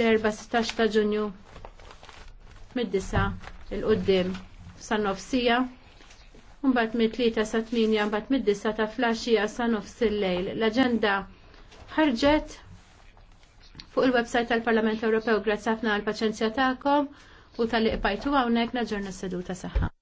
l-14 ta' ġunju mid 9 il-qoddim sa' nofsija mbagħad mit-3 sa' 8 mbagħad mid-disa ta' flaxija sa' nofs il-lejl. L-aġenda ħarġet fuq il-website tal-Parlament Ewropew grazzi ħafna għall paċenzja tagħkom u tal-iqbajtu hawnhekk naġorna s-seduta saħħa.